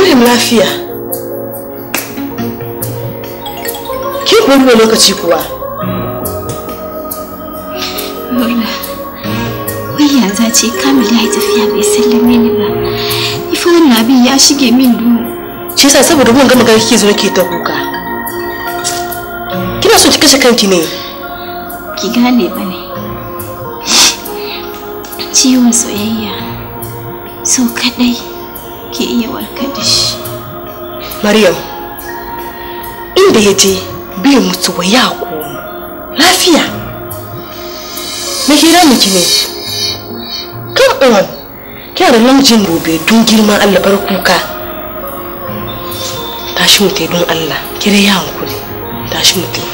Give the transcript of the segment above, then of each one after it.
Maryam lafiya. Ki kuwa lokaci kuwa. Nura, wai ya ya tafiya bai sallame ni ba. Ifa wannan abin ya shige min do. Shi yasa saboda mun gama kike zo ke ta kuka. Kina so ki kashe kanki ne? Ki gane ba ne. Ciwon soyayya. So kadai. ke iya warkar da shi maryam inda ya je bai mutuwa ya komo lafiya me ke hira miki ne Kan uwan, ke da namijin gobe don girman allah bar kuka tashi mutai don allah kire ya hankuli tashi mutai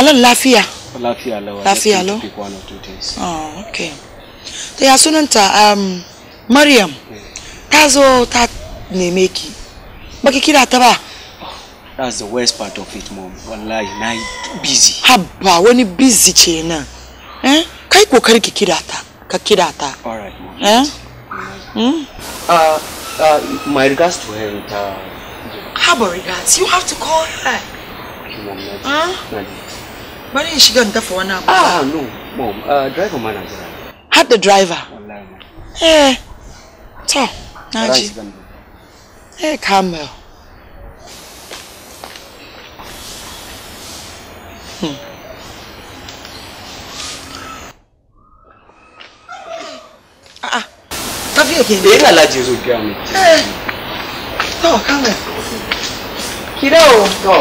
Hello, Lafia. Lafia, hello. Lafia, hello. Oh, okay. To ya sunanta um Mariam. Maryam. Ta zo ta neme you Baki kira ta ba. Oh, that's the worst part of it, mom. Wallahi, na busy. Haba, Habba, wani busy ce Eh? Kai kokari ki kira ta. Ka kira ta. All right, mom. Eh? Hmm. Uh, uh, my regards to her. Uh, Harbor regards. You have to call her. Okay, mom. huh? not Bari in shiga in dafa wani abu. Ah no, mom, uh, driver ma na jira. Har da driver. Wallahi. Eh. To, na ji. Eh, Kamel. Hmm. tafiya ke da yana laje zo gaya mai to kama ki dawo to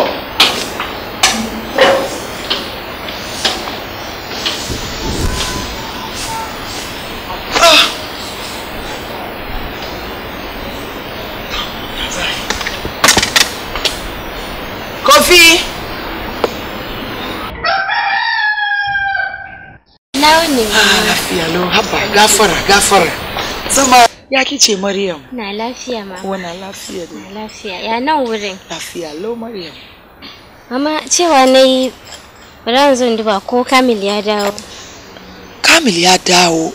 gafara gafara zama ya kice maryam na lafiya ma wana lafiya da. na lafiya ya nan wurin lafiya lo maryam mama cewa na yi ran zan duba ko kamil ya dawo kamil ya dawo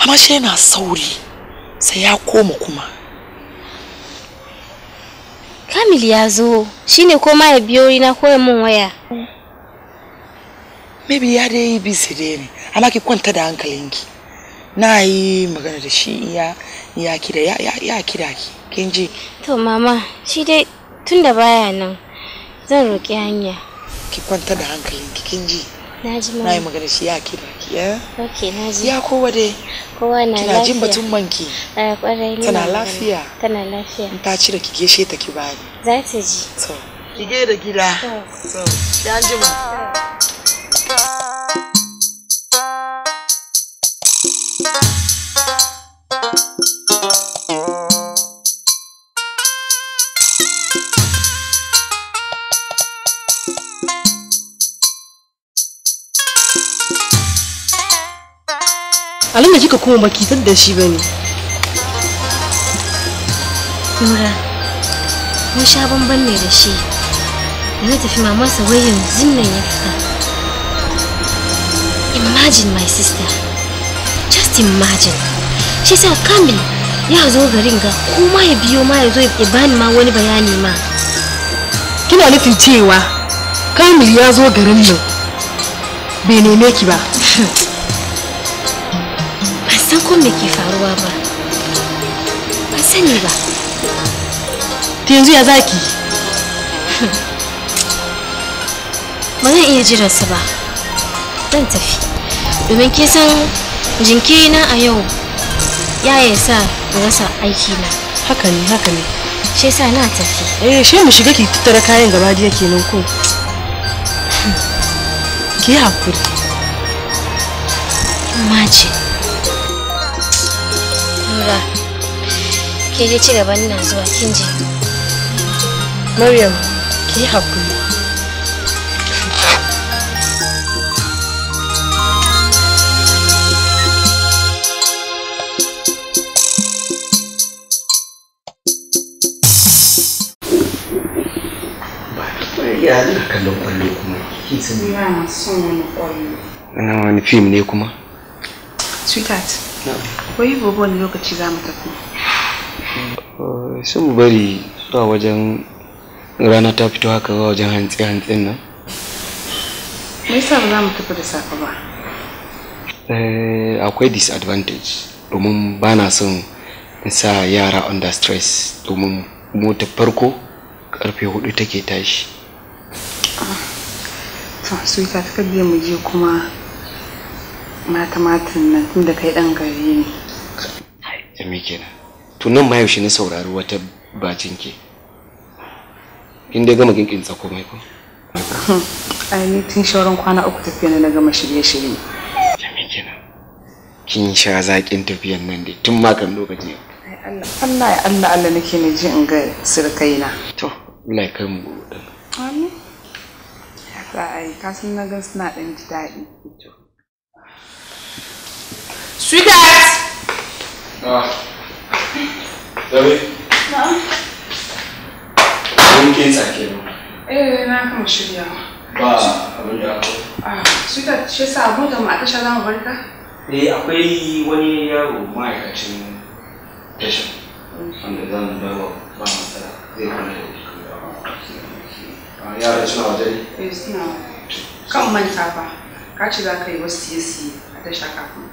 amma shi yana sauri sai ya koma kuma kamil ya zo shine ko ma ya biyo na ko ya mun waya maybe ya dai busy dai ne amma ki kwanta da hankalinki na yi magana da shi ya ya kira ya ya kira ki kin ji to mama shi dai tunda baya nan zan roki hanya ki kwanta da ki kin ji naji mama na yi magana shi ya kira ki ya okay naji ya kowa dai kowa na lafiya kina jin batun manki eh kwarai tana lafiya tana lafiya ta cire ki geshe ta ki bani za ta ji to ki gaida gida to ya ji mu alin da kika koma baki san da shi bane Nura mun sha bamban ne da shi na tafi mama sa wai yanzu ya fita imagine my sister just imagine shi sa kamil ya zo garin ga kuma ya biyo ma ya zo ya bani ma wani bayani ma kina nufin cewa kamil ya zo garin nan bai neme ki ba san ko me ke faruwa ba ba sani ba ta yanzu ya zaki ba zan iya jiransa ba zan tafi domin ke san jinkirina a yau ya yi sa rasa na. haka ne haka ne shi sa na tafi eh shi mu shiga ki tattara kayan gaba da yake nan ko ki hakuri imagine Nura ke je ci gaban nan zuwa kinji. Maryam ki hakuri kuma ina wani ne kuma sweetheart wai gobe wani lokaci za mu tafi eh, sun bari zuwa wajen rana ta fito haka zuwa wajen hantsi hantsin nan me sa ba za mu tafi da safe ba eh, akwai disadvantage domin ba na son sa yara under stress domin mota farko karfe hudu take tashi ah, to su ka mu je kuma matamatan nan tun da kai dan gari ne ya me kenan to nan ma yaushe na saurari wata bacin ke in gama ginkin tsako mai ko ai ni tun shauran kwana uku tafiya na gama shirye shirye ya me kenan kin sha zaƙin tafiyan nan dai tun ma kan lokaci Allah ya Allah Allah nake na ji in ga sirkaina to Allah ya kai mu amin ya ka ai kasan na ga suna dan ji daɗi Sweetheart! Ah. Zabe? Na'am. Kun kin tsake ba? Eh, na kama shirya. Ba abin da aka. Ah, sweetheart, shi yasa mu da mu a tasha za mu barka? Eh, akwai wani yaro ma'aikacin tasha wanda zan bawa ba matsala zai kwana da kuma ah, yara suna wajen? Eh, suna kan manta ba. Ka ce za ka yi wasu siye-siye a tasha kafin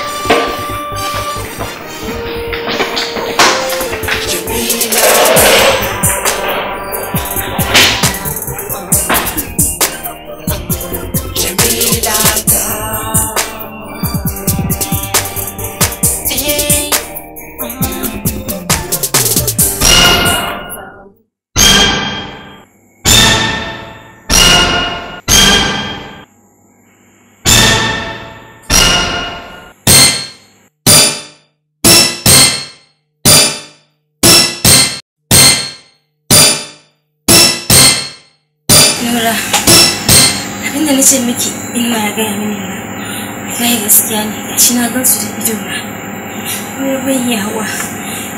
maƙiya ne ga shi na gan su da ido na wai bayyawa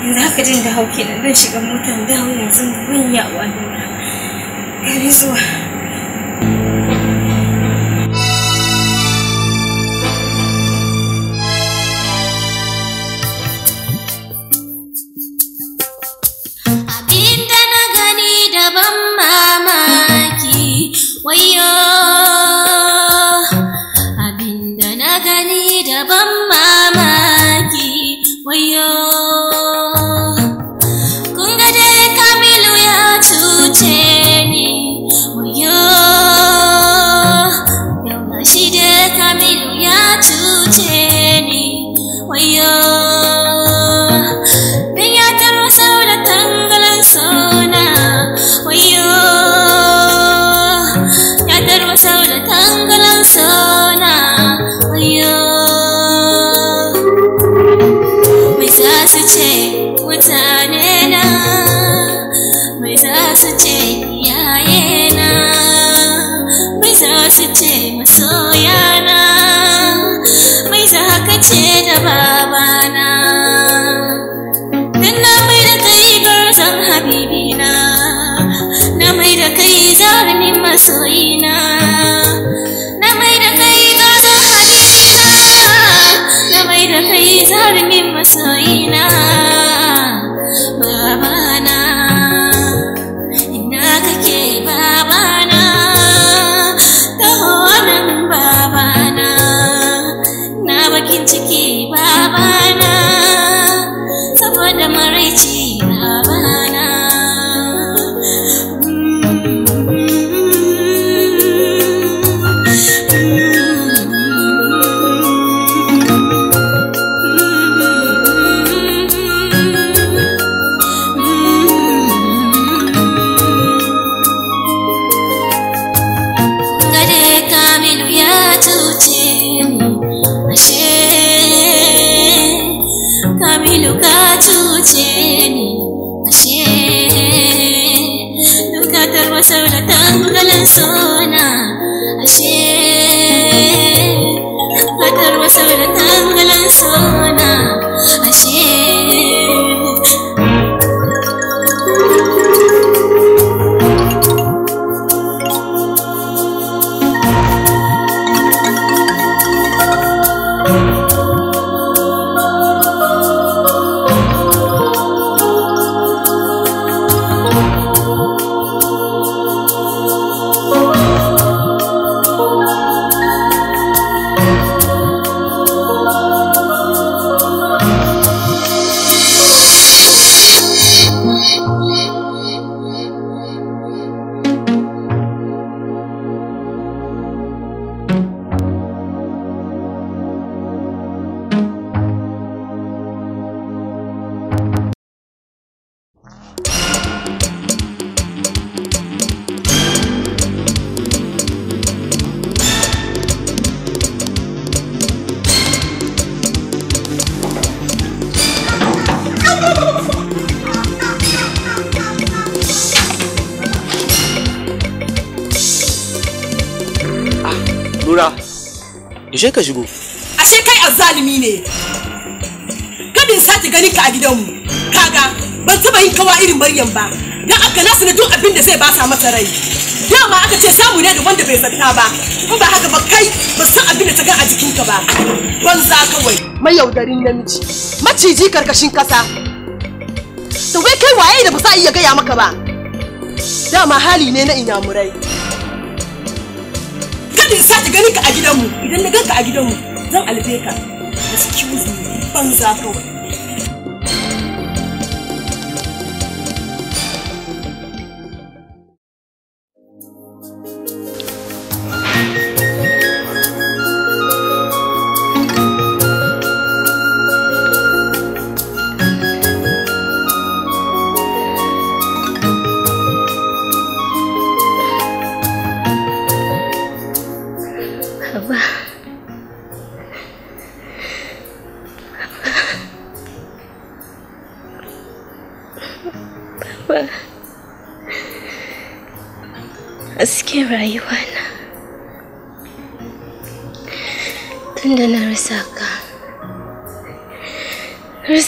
yanzu haka jin da hau kenan zan shiga motar da hau yanzu bayyawa ne na gari zuwa Soy je ka shigo ashe kai azzalumi ne kadin sake gani ka a gidanmu kaga ban taba yin kawa irin maryam ba dan aka nasu na duk abin da zai sa masa rai dama aka ce samu ne da wanda bai zata ba in ba haka ba kai ba san abin da ta ga a ka ba banza kawai mai yaudarin namiji maciji karkashin kasa to wai kai waye da ba sa iya gaya maka ba dama hali ne na inyamurai ki ta gani ka a gidanmu idan na ganka a gidanmu zan alfe ka excuse me banza kawai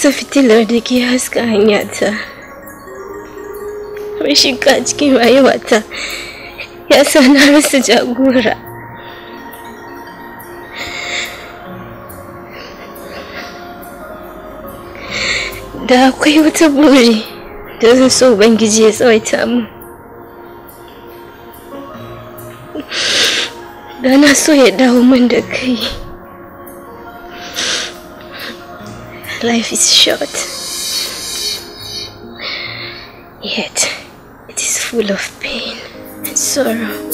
rasa fitilar da ke haska hanyata rashin ka cikin rayuwata ya sa na rasa jagora da akwai wata buri da zan so ubangiji ya tsawaita mu da na so ya dawo man da kai life is short. Yet, it is full of pain and sorrow.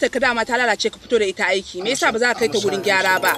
motar ka dama ta lalace ka fito da ita aiki me yasa ba za ka kai ta gurin gyara ba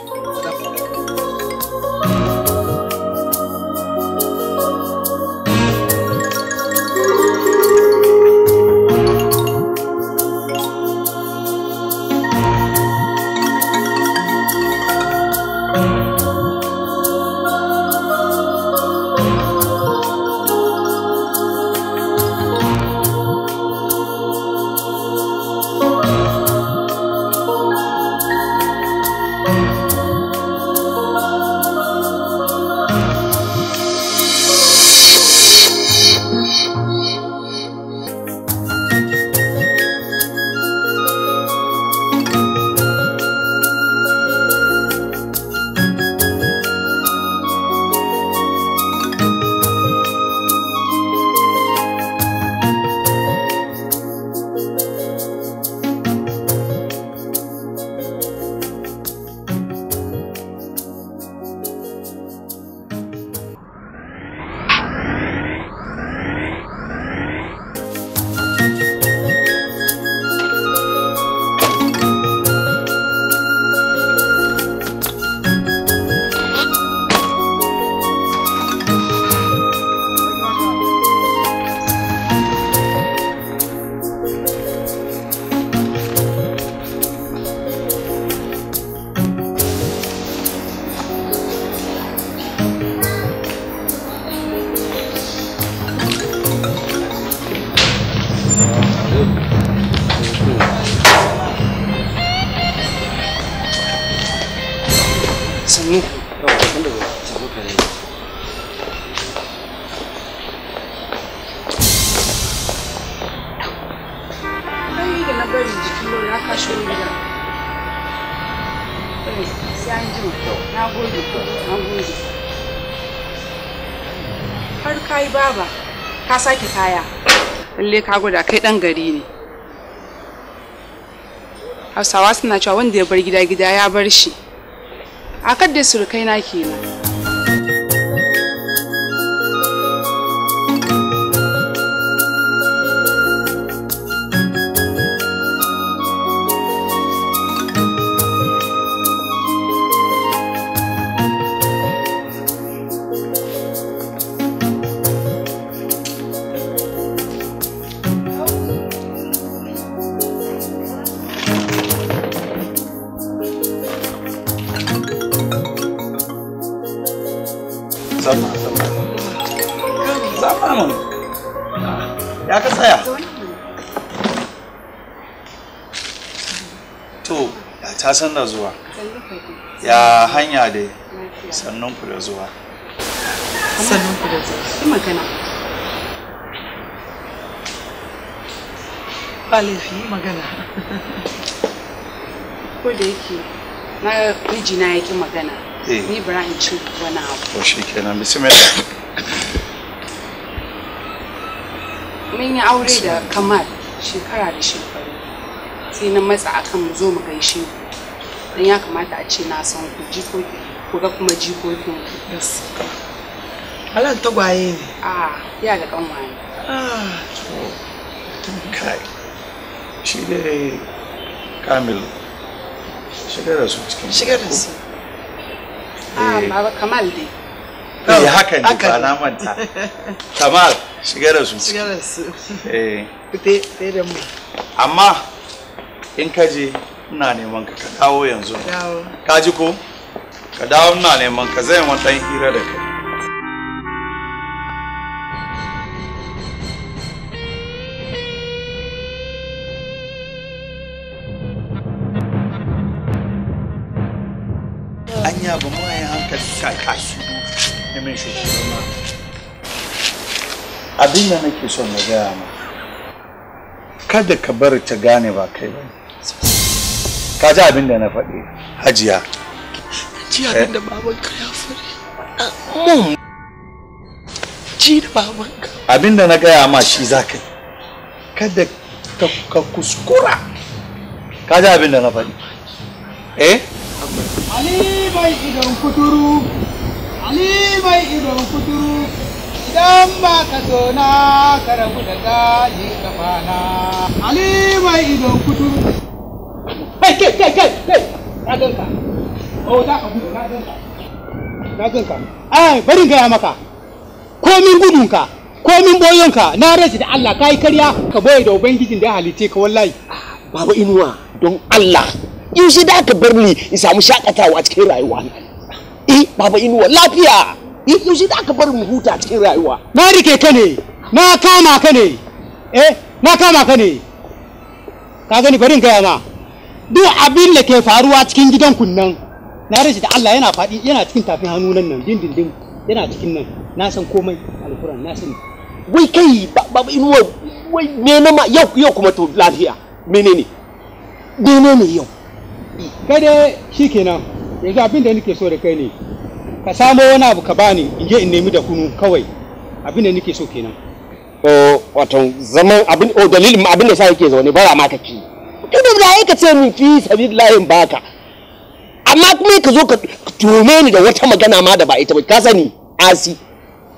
lalle ka gwada kai dan gari ne hausawa suna cewa wanda ya bar gida gida ya bar shi a da surukai na kenan san da zuwa ya hanya dai sannan ku da zuwa sannan ku da zuwa magana ba magana ko da yake na mijina ya ki magana eh. ni bara ci wani abu to shi kenan bismillah mun yi aure da kamal shekara da shekaru sai na matsa akan mu zo mu gaishe ku don ya kamata a ce na san ku jikoki ku ga kuma jikokin ku Alan tagwaye ne. Ah, ya ga kan kanwaye. Ah, to kai. Shi dai Kamil shigar da su cikin shigar da su. Ah, eh. baba Kamal dai. Eh, oh, haka ne ba na manta. Kamal shigar da su. Shigar da su. Eh. Kute sai da mu. Amma in ka je ina neman ka ka dawo yanzu ka ji ko ka dawo ina neman ka zai mun dan hira da kai anya ba mu ayi hankali ka kashi ne mai shi ma abin da nake son na gaya ma kada ka bari ta gane ba kai ba ka ji abin da na faɗi hajiya ji abin da babanka ya faɗi ah, mun ji da babanka abin da na gaya ma shi za ka kada ka kuskura ka ji abin da na faɗi eh Ali bai idon kuturu, Ali bai idon kuturu, idan ba ka zo na ka rabu da gaji ka fana. Ali bai idon kuturu. kai kai na o oh, ka na na ai bari gaya maka komin gudunka komin boyonka na rashi da Allah kai karya ka boye da ubangijin da ya halice ka wallahi baba inuwa don Allah shi da ka bar ni in samu shakatawa a cikin rayuwa eh baba inuwa lafiya in shi da ka bar mu huta cikin rayuwa na rike ka ne na kama ka ne eh na kama ka ne ka gani bari gaya ma duk abin da ke faruwa cikin gidan kunnan na rashi da Allah yana faɗi yana cikin tafin hannu nan nan dindindin yana cikin nan na san komai alkuran na san wai kai ba inuwa wai mene ma yau yau kuma to lafiya menene menene yau kai dai shikenan yanzu abin da nake so da kai ne ka samo wani abu ka bani in je in nemi da kunu kawai abin da nake so kenan oh, wato zaman abin o oh, dalilin abin da sa yake zaune bara ma kake inda da ya ka ce min fi sabilillahi baka amma kuma ka zo ka tome ni da wata magana ma da ba ita ba ka sani asi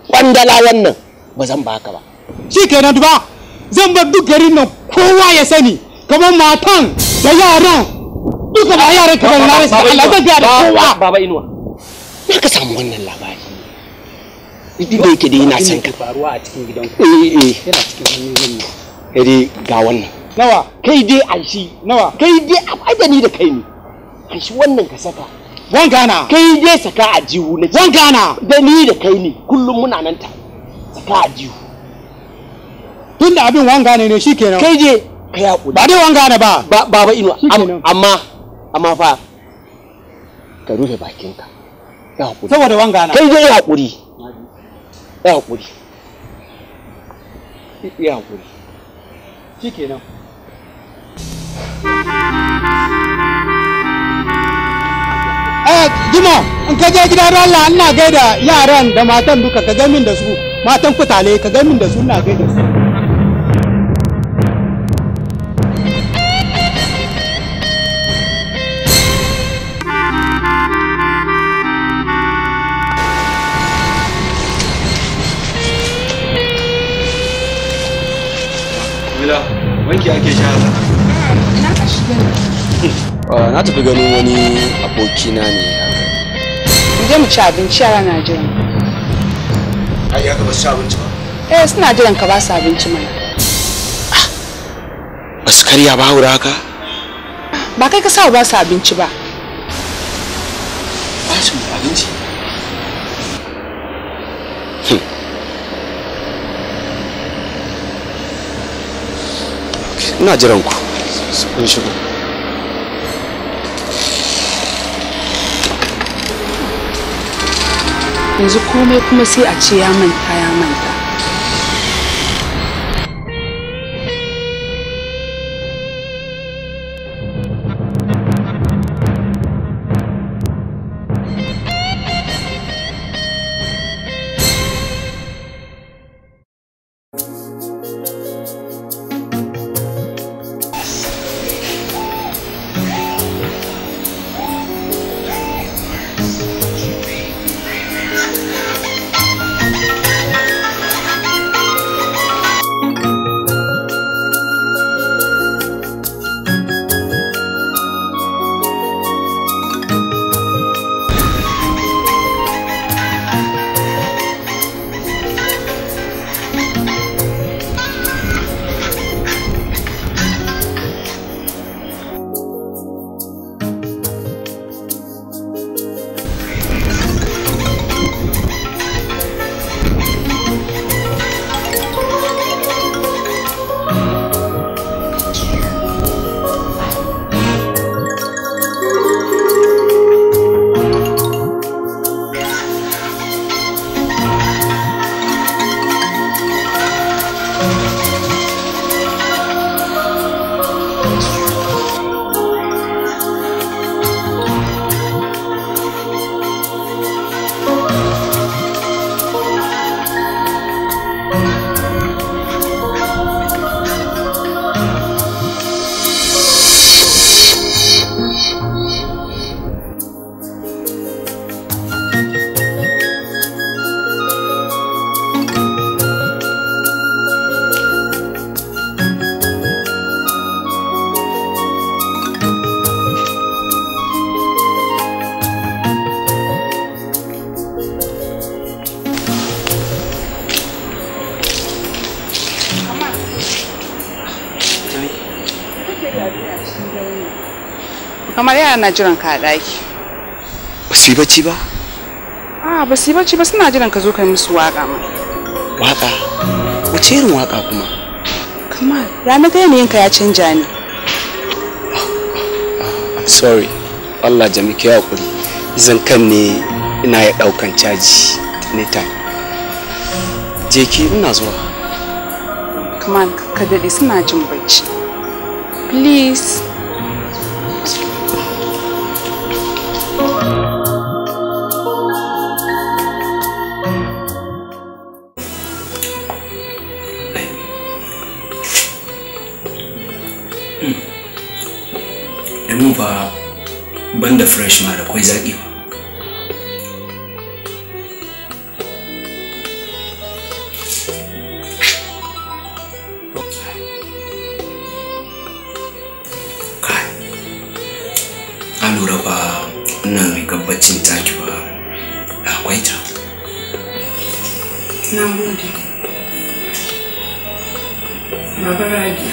kwandala wannan ba zan baka ba shi kenan duba zan bar duk garin nan kowa ya sani kamar matan da yaran duka ba yaran kamar na Allah zan ga da kowa baba inuwa na ka samu wannan labari duk da yake da yana son ka faruwa a cikin gidan eh eh yana cikin hannun nan eh ga wannan nawa kai dai a shi nawa kai dai a da da kai ne a shi wannan ka saka wan gana kai dai saka a jihu na wan gana da ni da kai ne kullum muna nan ta saka a jihu tunda abin wan gane ne shikenan kai dai Ka hakuri ba dai wan gane ba ba ba ino amma amma fa ka rufe bakinka ya hakuri saboda wan gana kai ya hakuri ya hakuri ya hakuri shikenan Eh, Jima, in ka je gida Allah ina gaida yaran da matan duka ka gamin da su matan kutale ka gamin da su ina gaida su. Mila, wanki ake shahara. Eh, na tafi ganin wani abokina ne je mu ci abinci yara na jiran a ya ka ba su abinci ba eh suna jiran ka ba su abinci mana ah, ba su karya ba haura haka ba kai ka sa ba su abinci ba ba su abinci hm. ina jiran ku kun shigo yanzu komai kuma sai a ce ya manta yara na jiran ka a daki. Ba su yi bacci ba? A ba su yi bacci ba suna jiran ka zo kai musu waka ma. Waka? Wace irin waka kuma? Kamal, ranar ga yanayinka ya canja ni. I'm ah, ah, sorry. Allah jami ki hakuri. Zan kan ne ina ya ɗaukan caji anytime. Je ki ina zuwa. Kamal, ka daɗe suna jin bacci. Please. na gode baba ragi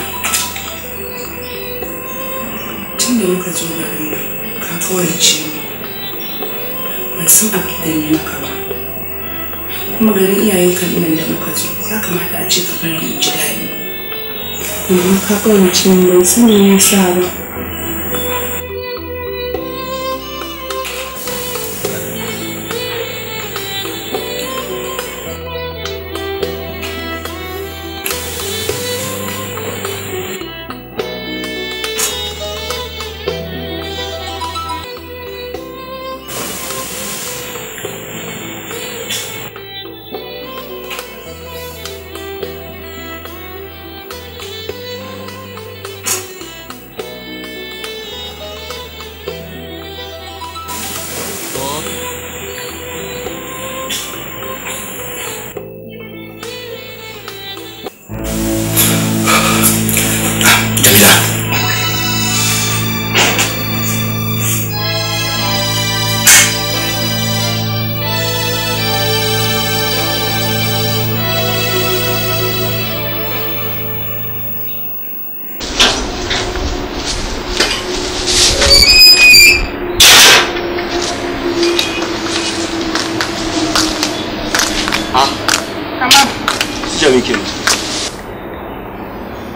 tun da muka zo garin nan ka kawarce ban san abin da ne maka ba kuma garin iyayen kan nan da muka zo ya kamata a ce ka bari mu ji daɗi amma ka kawai kawarce ban sani ya sa ba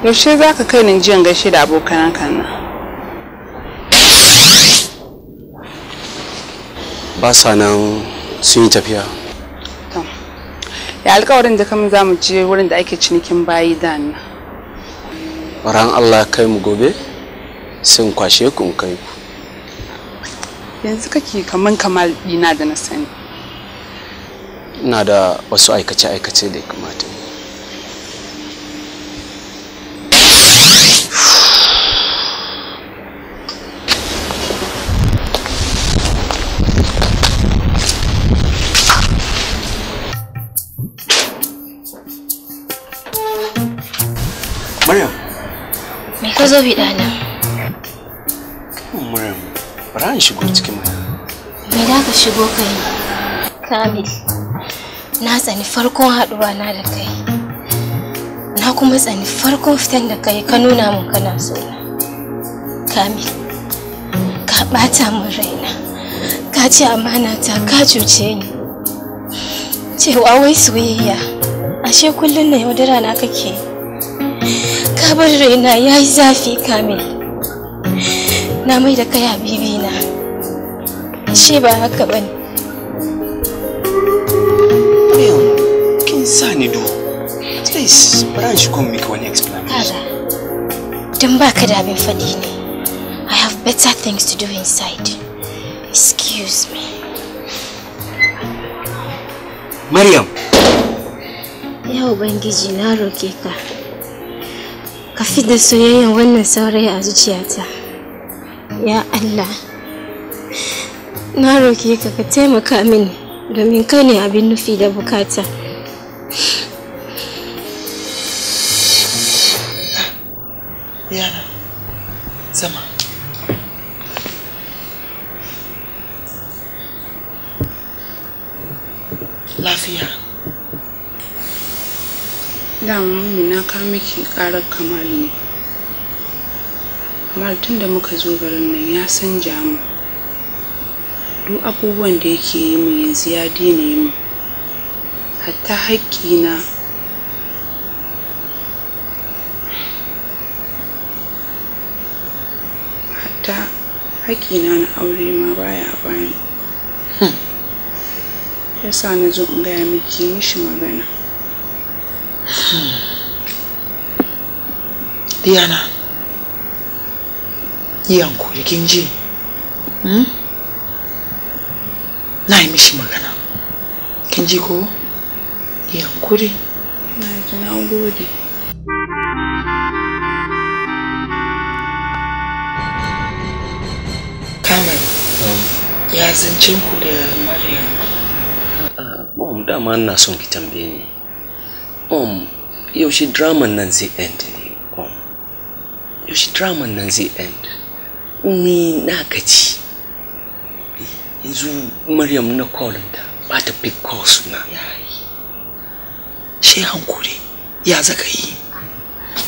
yaushe za ka kai ni jiyan gaishe da abokan nan ba sa nan sun yi tafiya ya alkawarin da kamun za mu je wurin da ake cinikin bayi da nan ran allah kai mu gobe sun kwashe ku kai ku yanzu kake kaman kamal dina da na sani ina da wasu aikace-aikace da ya kamata zo bi ɗana. Muryar bara in shigo cikin mana. Me da ka shigo kai? Kamil, na tsani farkon haɗuwa na da kai. Na kuma tsani farkon fitan da kai ka nuna mun kana so Kamil, ka ɓata min raina. Ka ci amana ta ka cuce ni. Cewa wai soyayya, ashe kullum na yaudara na kake. ka bar raina ya yi zafi kamil na mai da kai habibi na shi ba haka ba ne kin sa ni do please bari shi kon miki explanation don ba ka da abin faɗi ne i have better things to do inside excuse me Maryam. yau Ubangiji na roke ka. ka fi da soyayyen wannan saurayi a zuciyata ya allah na roke ka ka taimaka mini domin kai ne abin nufi da bukata yara zama lafiya dama mummy na kawo miki ƙarar kamal ne kamar tun da muka zo garin nan ya san jamu duk abubuwan da yake yi mu yanzu ya daina yi mu hatta haƙƙina hatta haƙƙina na aure ma baya bani hmm. yasa na zo in gaya miki mishi magana Diana, yi hankuri kin ji? Hmm? Na yi mishi magana. Kin ji ko? Yi hankuri. Na ji na gode. Kamar, hmm. ya zancen ku da Maryam. Ah, um, dama ina son ki tambaye ni. Um, yaushe drama nan zai end ne yaushe drama nan zai end umi na gaji yanzu maryam na ta ba ta fi call suna shi hankuri ya zaka yi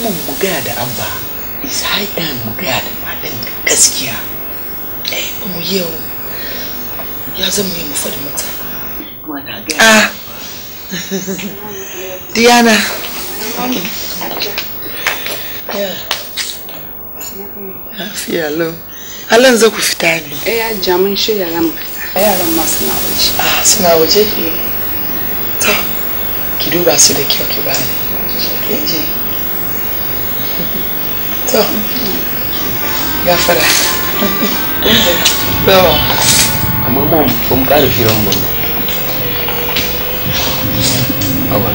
mun buga gaya da abba is high time mu gaya da matan gaskiya eh mu yau ya zama mu faɗi mata ah. Diana Lafiya lau. Halin za ku fita ne. Eh ya ja mun shirya za mu fita. Yaran ma suna waje. Ah suna waje? Eh. To ki duba su da kyau ki bani. Kin ji? To. Gafara. Yawa. Amma mom ba mu ƙara firan mu. Awa.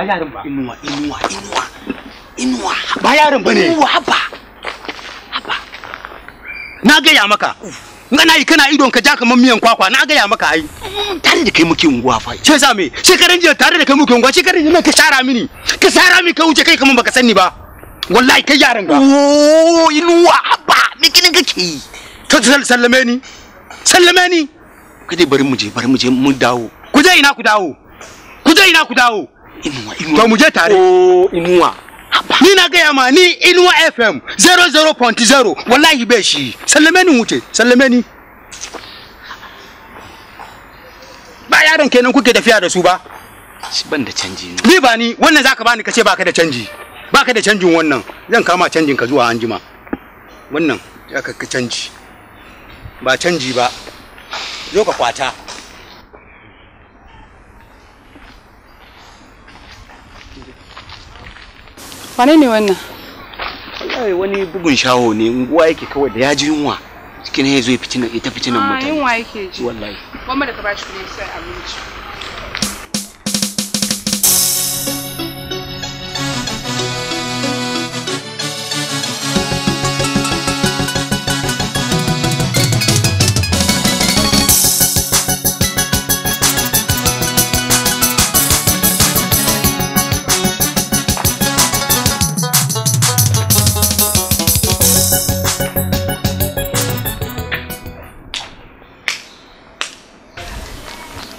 ba yarin ba inuwa inuwa inuwa inuwa ba yarin ba ne inuwa haba haba na gaya maka ngana yi kana idon ka ja kamar miyan kwakwa na gaya maka ai mm, tare da kai muke unguwa fa ce sa me shekaran jiya tare da kai muke unguwa shekaran jiya ka shara mini ka shara mini ka wuce kai kamar baka sani ba wallahi kai yaran ga oh inuwa haba me kinin kake yi to sallame ni sallame ni kada bari mu je bari mu je mu dawo ku je ina ku dawo ku je ina ku dawo inuwa inuwa to mu je tare oh, inuwa ni na gaya ma ni inuwa fm 00.0 wallahi bai shi sallame ni wuce sallame ni ba yaron kenan kuke tafiya da su ba ban da canji ni ba ni wannan zaka bani kace baka da canji baka da canjin wannan zan kama canjin ka zuwa anjima wannan ya ka canji ba canji ba zo ka kwata wane ne wannan wallahi wani bugun shaho ne unguwa yake kawai da ya wa yunwa cikin ya zo ya fitina ita fitinan ah, mutane yunwa yake ji wallahi kuma da ka bashi ne sai abinci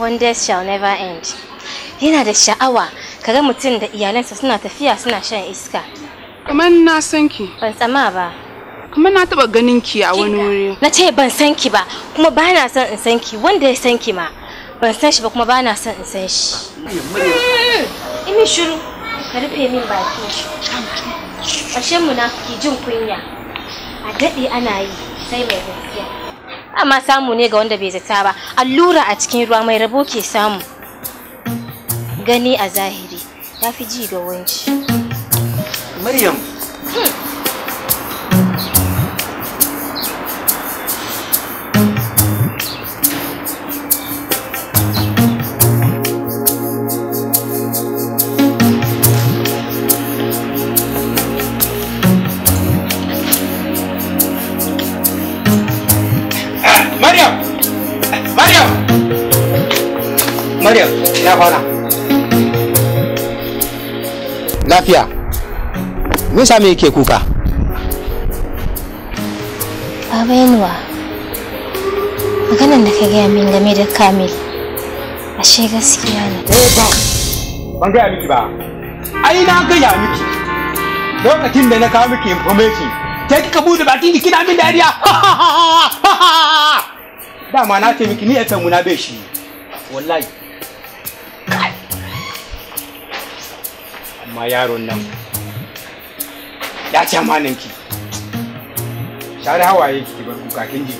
wonders shall never end yana da sha'awa kaga mutum da iyalansa suna tafiya suna shan iska kamar na san ki ban tsama ba kuma na taba ganin ki a wani wuri na ce ban san ki ba kuma ba na son in san ki wanda ya san ki ma ban san shi ba kuma ba na son in san shi imi shiru ka rufe min baki ashe munafiki jin kunya a daɗe ana yi sai mai gaskiya amma samu ne ga wanda bai zata ba allura a cikin ruwa mai rabo ke samu gani a zahiri ya fi ji ga wanci maryam lafiya me sa me yake kuka baba yanuwa maganan da ka gaya min game da kamil ashe gaskiya ne eh ba ban gaya miki ba ai na gaya miki lokacin da na kawo miki information sai kika bude baki ki kina min dariya dama na ce miki ni ya san muna bai shi wallahi ma yaron nan ya ce amanin ki share hawaye ki bar kuka kin ji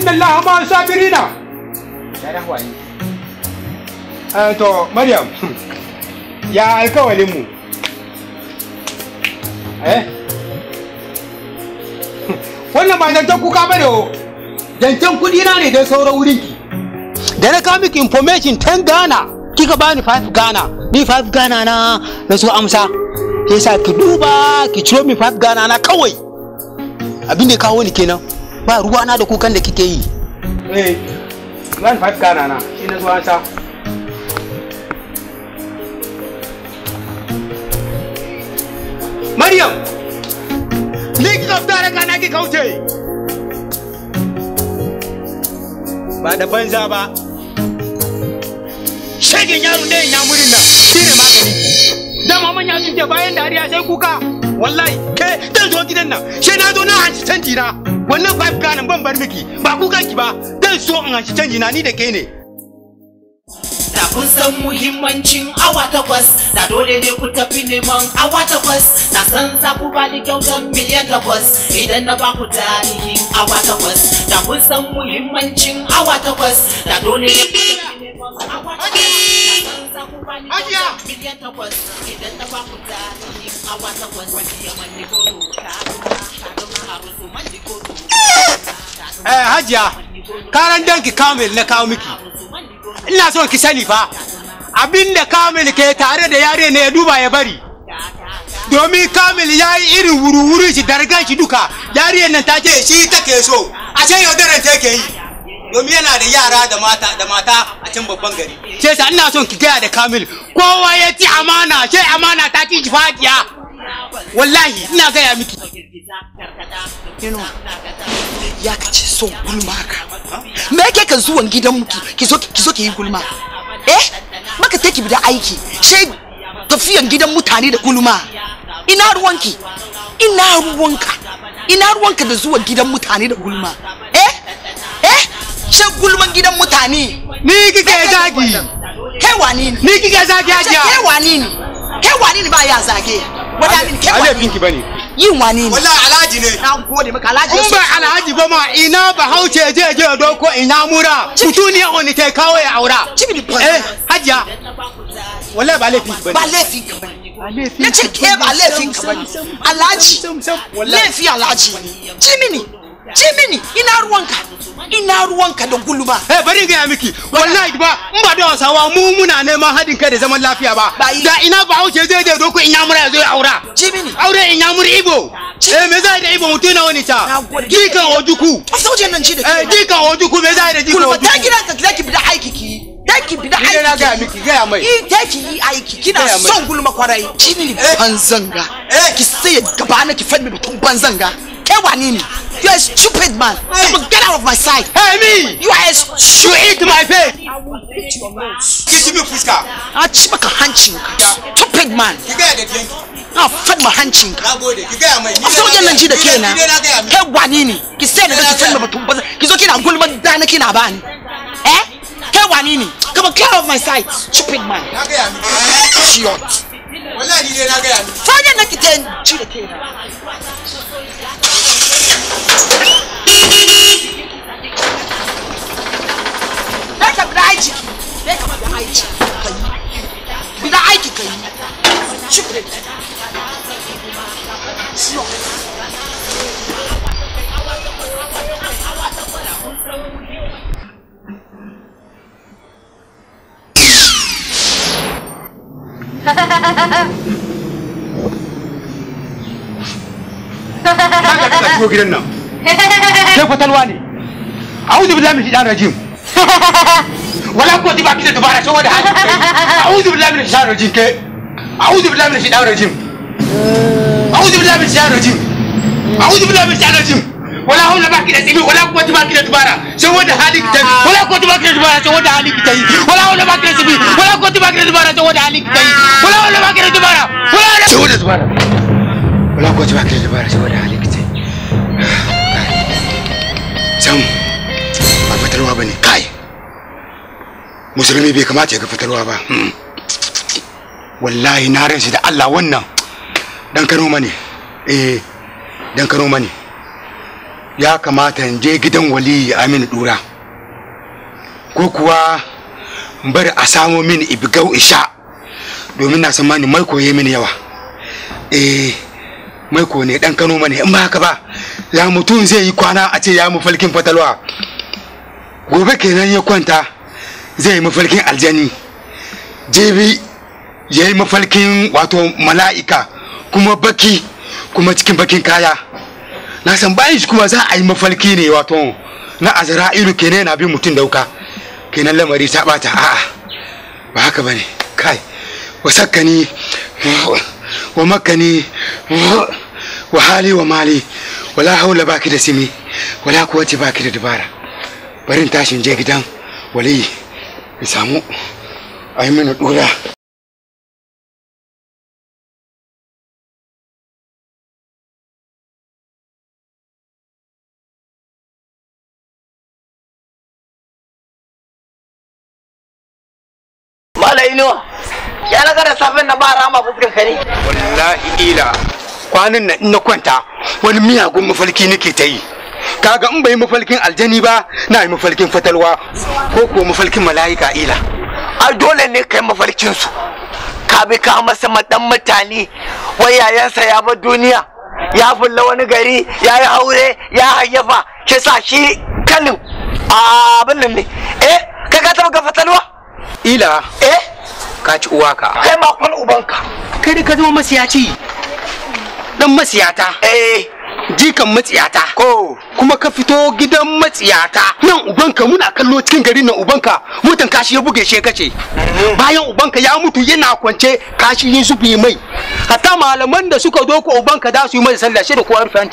inna allaha ma sabirina share hawaye eh to maryam ya alkawalin mu eh wannan ba zancen kuka bane o zancen kudi na ne don sauran wurin ki da na kawo miki information tan gana kika bani 5 Ghana ni 5 Ghana na na so amsa yasa ki duba ki ciro mi 5 Ghana na kawai abin da kawo ni kenan ba ruwa na da kukan da kike yi eh Ghana na ki kauce ba da banza ba shegen yaron da ya murin nan shine magani mama ya sun ce bayan dariya sai kuka wallahi ke zan zo gidan nan sai na zo na hanci canji na wannan five grand ban bar miki ba kuka ki ba dan so in hanci canji na ni da ke ne da kun san muhimmancin awa takwas da dole ne ku tafi neman awa takwas na san za ku ba ni kyautar miliyan takwas idan na ba ku tarihin awa takwas da kun san muhimmancin awa takwas da dole ne ku tafi Eh, Hajiya, karan danki Kamil na kawo miki. Ina son ki sani fa, abinda Kamil ke tare da yare ne ya duba ya bari. Domin Kamil ya yi irin wuri-wuri shi dargan shi duka, yare nan ta ce shi take so, a ce yaudaran take yi. domin yana da yara da mata da mata a can babban gari ce sa ina son ki gaya da kamil kowa ya ci amana ce amana ta ci fadiya wallahi ina gaya miki ya ka ce son gulma ka me yake kan zuwan gidan muki ki zo ki zo ki yi gulma eh maka take bi da aiki she tafiyan gidan mutane da gulma ina ruwanki ina ruwanka ina ruwanka da zuwan gidan mutane da gulma eh shan gulman gidan mutane ni kike zagi kai wani ne ni kike zagi hajiya kai wani ne kai wani ne ba ya zage wata min kai wani ne bane yin wani ne wallahi alhaji ne na gode maka alhaji in ba alhaji goma ina ba hauce je je doko ina mura kutuniya wani te kawo ya aura eh hajiya wallahi ba laifin bane ba laifin ne. ya ce ke ba laifin bane alhaji laifin alhaji jimini ci mini ina ruwanka ina ruwanka da gulma eh bari ga miki wallahi ba in ba da wasawa mu muna neman hadin kai da zaman lafiya ba da ina ba hauce zai da doko in mura zai aura ci mini aure in mura ibo eh me zai da ibo mutu na wani ta jikan ojuku sauje nan ji da eh jikan ojuku me zai da jikan ojuku ta gidan ka zaki bi da aiki ki taki bi da aiki ina ga miki ga mai i eh, taki yi aiki kina son gulma kwarai ci mini eh. banzanga eh ki sai gaba na ki fadi mutum banzanga Kewanini. You're a stupid man. Hey. Get out of my sight. Hey, me. You are a stupid. You my face. I will beat your nose. Give me a pushka. I'll ah, chip a hanching. Stupid man. You get the drink. I'll ah, fed my hanching. i am so there. You get my. I'll the cane. Kewanini. He said that he's friend of a He's okay. I'm going to die in a kinaban. Eh? Kewanini. Come on, get out of my sight. Stupid man. Shit. Eh? Wallahi, you didn't get me. Fire, not get in. the cane. aiki bai kama da aiki ka yi bida aiki ka yi shukre siyo shigo gidan nan. Sai fatalwa ne. A'udhu billahi min shaitanir rajim. wala ko ti baki da dubara saboda hali a'udhu billahi minash shaitanir rajim ke a'udhu billahi minash shaitanir rajim a'udhu billahi minash shaitanir rajim a'udhu billahi minash shaitanir rajim wala haula baki da tsimi wala ko ti da dubara saboda hali ta wala ko ti baki da hali ta yi wala haula baki da tsimi wala ko ti baki da hali ta yi wala haula baki dubara wala haula saboda dubara wala ko ti baki hali ta sam ba fatarwa bane kai musulmi bai kamata ya ga fitarwa ba hmm. wallahi na rinsu da Allah wannan dan kano mane eh dan kano mane ya kamata in je gidan wali Aminu Dura ko kuwa bari a samo mini ibigau isha domin na san mani mai koye mini yawa eh ko ne dan kano mane in ba haka ba ya mutum zai yi kwana a ce ya mu falkin fatalwa gobe kenan ya kwanta zai mafarkin aljani jibi ya yi mafarkin wato mala'ika kuma baki kuma cikin bakin kaya na san bayan shi kuma za a yi mafarki ne wato na azra'ilu kenan yana bin mutum dauka kenan lamari ta bata a'a ba haka bane kai wa sakkani wa makani wa hali wa mali wala haula baki da simi wala kuwace baki da dubara barin tashin je gidan waliyi ya samu a yi mini dora inuwa ya na da safin na ba rama fuskan ka ne wallahi ila kwanan na kwanta wani miyagun mafalki nake ta yi kaga in bai mafalkin aljani ba na yi mafalkin fatalwa ko ko mafalkin mala'ika ila a dole ne kai mafalkin su ka bi ka masa madan mutane wai yayansa ya bar duniya ya fulla wani gari ya yi aure ya hayyafa shi sa shi kanin abin nan ne eh kai ka taba ga fatalwa ila eh ka ci uwa ka kai ma uban ubanka kai da ka zama masiyaci dan masiyata eh jikan matsiyata ko kuma ka fito gidan matsiyata nan ubanka muna kallo cikin garin nan ubanka mutan kashi ya buge shi kace mm-hmm. bayan ubanka ya mutu yana kwance kashi yin zubi mai hatta malaman da suka doko ko ubanka da su yi mai sallah shi da kowa rufe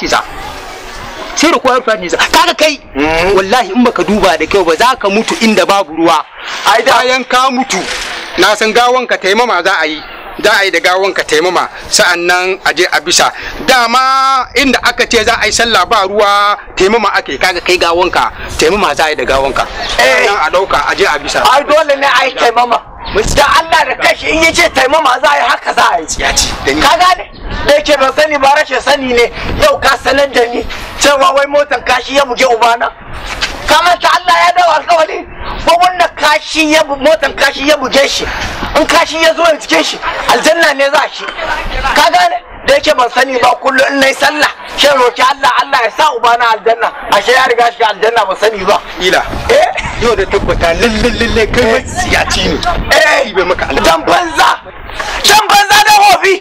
Shi da kowa rufe kaga kai mm-hmm. wallahi in baka duba da kyau ba za ka mutu inda babu ruwa ai bayan ka mutu na san gawanka taimama za a yi za a yi da gawon ka taimama sa'annan a je a bisa dama inda aka ce za a yi sallah ba ruwa taimama ake kaga kai gawon ka taimama za a yi da gawon ka eh. a dauka a je a bisa ai dole ne a yi taimama da Allah da kashi in yace taimama za a yi haka za a yi ka gane da yake ban sani ba rashin sani ne yau ka sanar da ni cewa wai motan kashi ya buge ubana kamar ta Allah ya dawo alkawali ko wanda kashi ya motan kashi ya buge shi in kashi ya zo ya cike shi aljanna ne za shi ka gane da yake ban sani ba kullum in nayi sallah shin roki Allah Allah ya sa uba na aljanna ashe ya riga shi aljanna ban sani ba ila eh yau da tabbata lalle lalle kai ya ci ne eh bai maka aljanna dan banza dan banza da hofi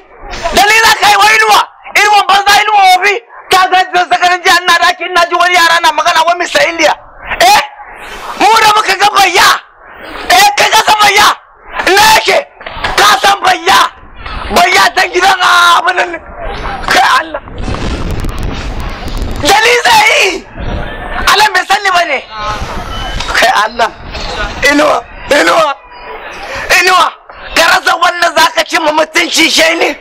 dalila kai wa inuwa inuwan banza inuwa hofi ka ga zakarin jihar na da kin ji wani yara na magana wani misaliya bayya eh kai ka san bayya ina yake ka san bayya bayya ta gidan ah, abin kai Allah jali zai Allah bai sani bane kai Allah inuwa inuwa inuwa cin mutunci shi ne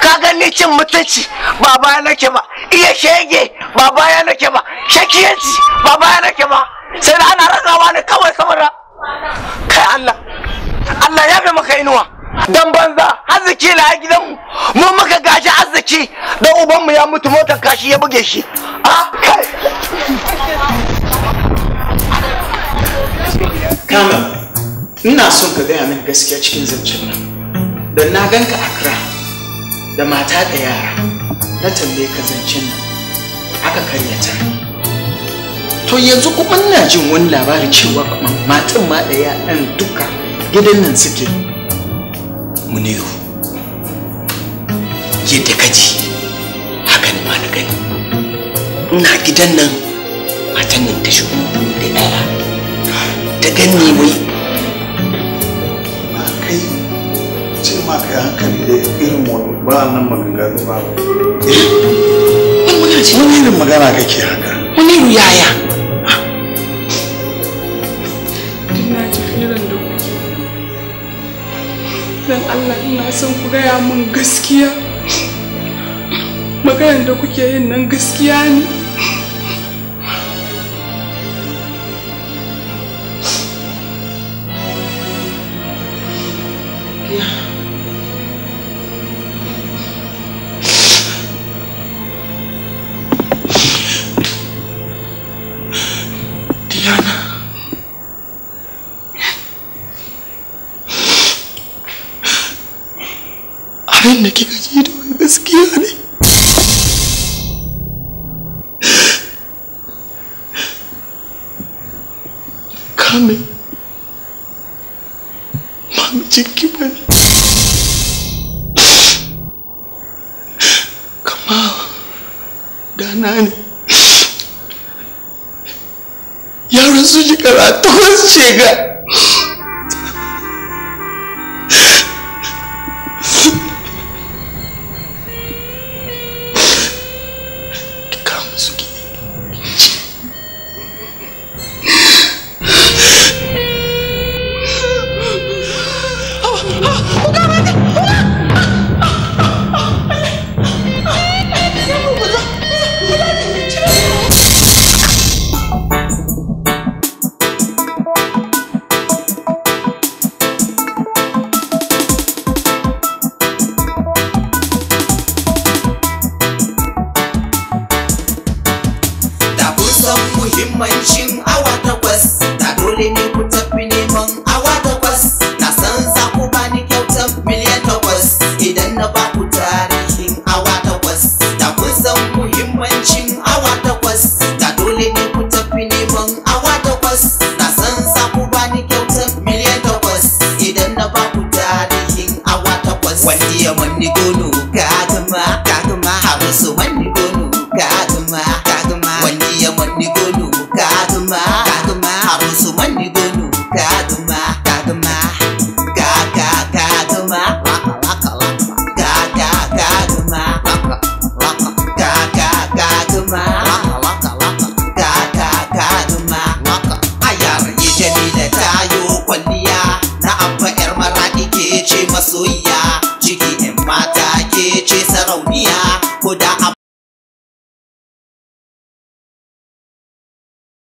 ka gani cin mutunci ba baya nake ba iya shege ba baya nake ba shakiyanci ba baya nake ba sai da ana rasawa ne kawai saboda kai Allah Allah ya bi maka inuwa dan banza arziki na gidanmu mu muka gashi arziki dan ubanmu ya mutu motar kashi ya buge shi a kai ina son ka gaya min gaskiya cikin zancen nan don na ganka akra da mata da yara na tambaye ka zancen nan aka karyata to yanzu kuma ina jin wani labari cewa matan ma da yaran duka gidan nan suke muniru yadda ka ji hakan ma na gani ina gidan nan matan nan ta shigo da yara ta gani wai ma ka hankali da irin waɗannan maganganu ba eh, wani irin magana kake haka wani irin yaya don Allah ina son ku gaya min gaskiya maganar da kuke yin nan gaskiya ne